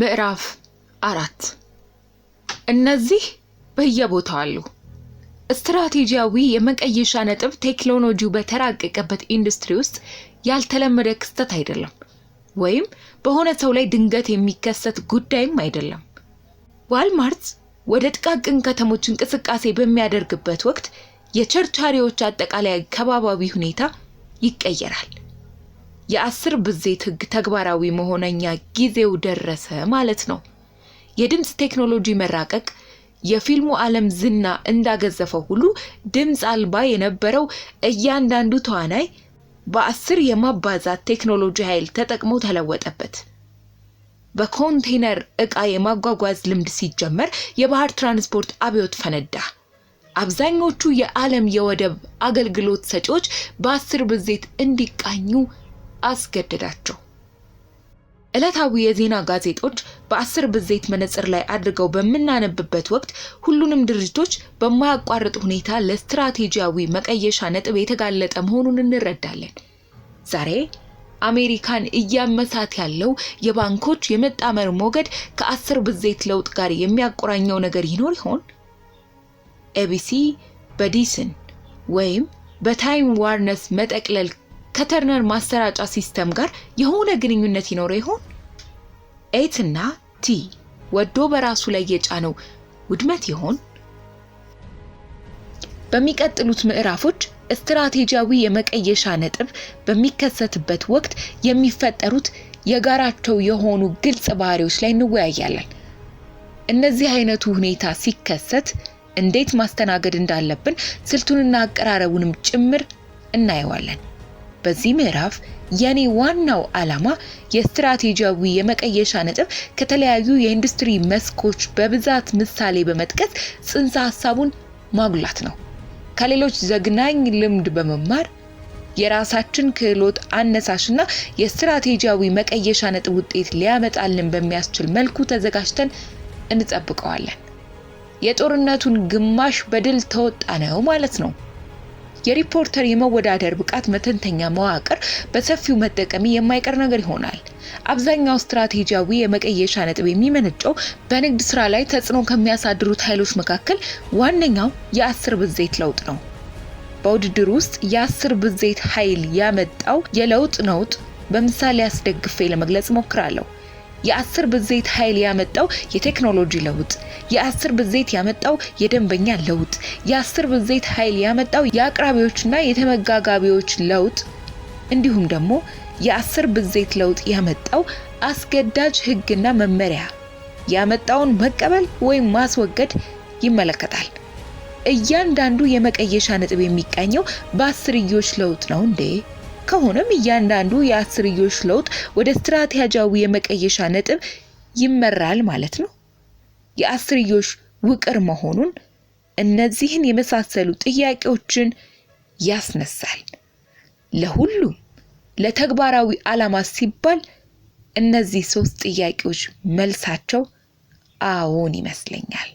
ምዕራፍ አራት እነዚህ በየቦታው አሉ። ስትራቴጂያዊ የመቀየሻ ነጥብ ቴክኖሎጂው በተራቀቀበት ኢንዱስትሪ ውስጥ ያልተለመደ ክስተት አይደለም፣ ወይም በሆነ ሰው ላይ ድንገት የሚከሰት ጉዳይም አይደለም። ዋልማርት ወደ ጥቃቅን ከተሞች እንቅስቃሴ በሚያደርግበት ወቅት የቸርቻሪዎች አጠቃላይ ከባባቢ ሁኔታ ይቀየራል። የአስር ብዜት ህግ ተግባራዊ መሆነኛ ጊዜው ደረሰ ማለት ነው። የድምፅ ቴክኖሎጂ መራቀቅ የፊልሙ ዓለም ዝና እንዳገዘፈው ሁሉ ድምፅ አልባ የነበረው እያንዳንዱ ተዋናይ በአስር የማባዛት ቴክኖሎጂ ኃይል ተጠቅሞ ተለወጠበት። በኮንቴነር ዕቃ የማጓጓዝ ልምድ ሲጀመር የባህር ትራንስፖርት አብዮት ፈነዳ። አብዛኞቹ የዓለም የወደብ አገልግሎት ሰጪዎች በአስር ብዜት እንዲቃኙ አስገደዳቸው። ዕለታዊ የዜና ጋዜጦች በአስር ብዜት መነጽር ላይ አድርገው በምናነብበት ወቅት ሁሉንም ድርጅቶች በማያቋርጥ ሁኔታ ለስትራቴጂያዊ መቀየሻ ነጥብ የተጋለጠ መሆኑን እንረዳለን። ዛሬ አሜሪካን እያመሳት ያለው የባንኮች የመጣመር ሞገድ ከአስር ብዜት ለውጥ ጋር የሚያቆራኘው ነገር ይኖር ይሆን? ኤቢሲ በዲስን ወይም በታይም ዋርነስ መጠቅለል ከተርነር ማሰራጫ ሲስተም ጋር የሆነ ግንኙነት ይኖረው ይሆን? ኤት እና ቲ ወዶ በራሱ ላይ የጫነው ውድመት ይሆን? በሚቀጥሉት ምዕራፎች ስትራቴጂያዊ የመቀየሻ ነጥብ በሚከሰትበት ወቅት የሚፈጠሩት የጋራቸው የሆኑ ግልጽ ባህሪዎች ላይ እንወያያለን። እነዚህ አይነቱ ሁኔታ ሲከሰት እንዴት ማስተናገድ እንዳለብን ስልቱንና አቀራረቡንም ጭምር እናየዋለን። በዚህ ምዕራፍ የኔ ዋናው ዓላማ የስትራቴጂያዊ የመቀየሻ ነጥብ ከተለያዩ የኢንዱስትሪ መስኮች በብዛት ምሳሌ በመጥቀስ ጽንሰ ሀሳቡን ማጉላት ነው። ከሌሎች ዘግናኝ ልምድ በመማር የራሳችን ክህሎት አነሳሽና የስትራቴጂያዊ መቀየሻ ነጥብ ውጤት ሊያመጣልን በሚያስችል መልኩ ተዘጋጅተን እንጠብቀዋለን። የጦርነቱን ግማሽ በድል ተወጣ ነው ማለት ነው። የሪፖርተር የመወዳደር ብቃት መተንተኛ መዋቅር በሰፊው መጠቀም የማይቀር ነገር ይሆናል። አብዛኛው ስትራቴጂያዊ የመቀየሻ ነጥብ የሚመነጨው በንግድ ስራ ላይ ተጽዕኖ ከሚያሳድሩት ኃይሎች መካከል ዋነኛው የአስር ብዜት ለውጥ ነው። በውድድር ውስጥ የአስር ብዜት ኃይል ያመጣው የለውጥ ነውጥ በምሳሌ አስደግፌ ለመግለጽ ሞክራለሁ። የአስር ብዜት ኃይል ያመጣው የቴክኖሎጂ ለውጥ፣ የአስር ብዜት ያመጣው የደንበኛ ለውጥ፣ የአስር ብዜት ኃይል ያመጣው የአቅራቢዎችና የተመጋጋቢዎች ለውጥ እንዲሁም ደግሞ የአስር ብዜት ለውጥ ያመጣው አስገዳጅ ህግና መመሪያ ያመጣውን መቀበል ወይም ማስወገድ ይመለከታል። እያንዳንዱ የመቀየሻ ነጥብ የሚቃኘው በአስርዮች ለውጥ ነው እንዴ? ከሆነም እያንዳንዱ የአስርዮሽ ለውጥ ወደ ስትራቴጂያዊ የመቀየሻ ነጥብ ይመራል ማለት ነው። የአስርዮሽ ውቅር መሆኑን እነዚህን የመሳሰሉ ጥያቄዎችን ያስነሳል። ለሁሉም ለተግባራዊ ዓላማ ሲባል እነዚህ ሶስት ጥያቄዎች መልሳቸው አዎን ይመስለኛል።